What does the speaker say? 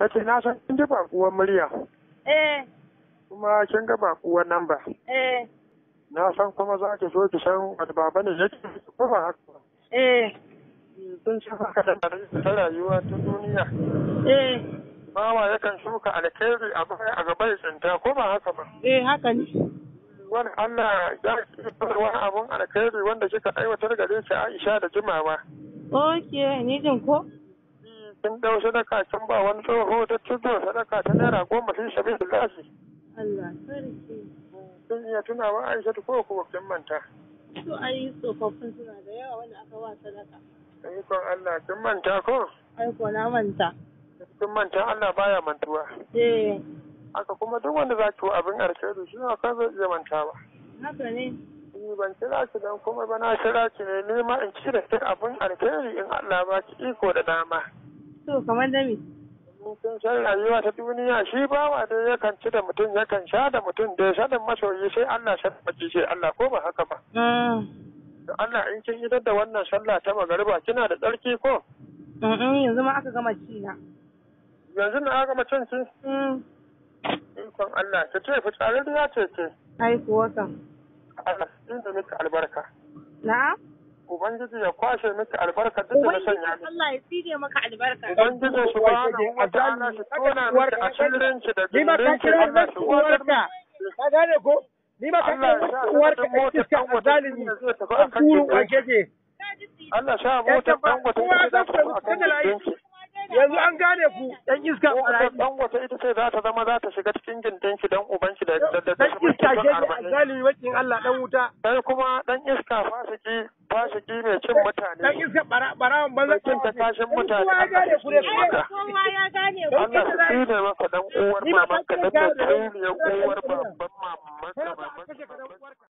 na ce na san kin ji bakuwar murya eh kuma kin ga bakuwar nan ba eh na san kuma za ki so ki san wani baba ne yake ko ba haka eh sun ci haka da ta rayuwa ta duniya eh bawa yakan shuka alkhairi a baya a gaban tsinta ko ba haka ba eh haka ne wani Allah ya wani abun alkhairi wanda kika aiwatar gare shi Aisha da jimawa. Oke, ni jin ko? kin dau sadaka kin ba wani tsoho ta tudo sadaka ta naira goma fi sabi lafi. Allah sarki. Kin iya tuna wa Aisha ko kuma kin manta. To ai tsofaffin suna da yawa wanda aka wa sadaka. Ikon Allah kin manta ko? Ai ko na manta. Kin manta Allah baya mantuwa. Eh. Haka kuma duk wanda za ki abin alheri shi ne ka zai iya manta ba. Haka ne. ni ban kira ki dan kuma ba na kira ki ne ma in kira duk abin alheri in Allah ba ki iko da dama. To kamar dami. Mutum san rayuwa ta duniya shi bawa dai yakan ci da mutum yakan sha da mutum da da masoyi sai Allah san baki sai Allah ko ba haka ba. Ah. Allah in kin idar da wannan sallah ta magariba kina da tsarki ko? yanzu ma aka gama ci na. Yanzu na aka gama cin ki? Mm. Ikon Allah ki ce fitsarin ya ce ce. Ai kuwa kan. Allah, inda miki albarka. ubangiji ya kwashe miki albarka duk da sanya miki Allah ya tsire maka albarka ubangiji shi ba na ta'ala shi tona miki asirin ki da dindin Allah shi uwarka ka gane ko ni ma ka kira uwarka a cikin azalimi a kuru a Allah sha mota dangwata ta yanzu an gane ku dan iska rayu. dan wata ita ce za ta zama za ta shiga cikin uban da da da iska ke wakin Allah ɗan wuta sai kuma dan iska fasiki fasiki ne cin mutane. Dan iska barawan banza. Cin ta kashin mutane. Allah ya gane ku. Allah shi ne maka dan uwar mamanka da ta kai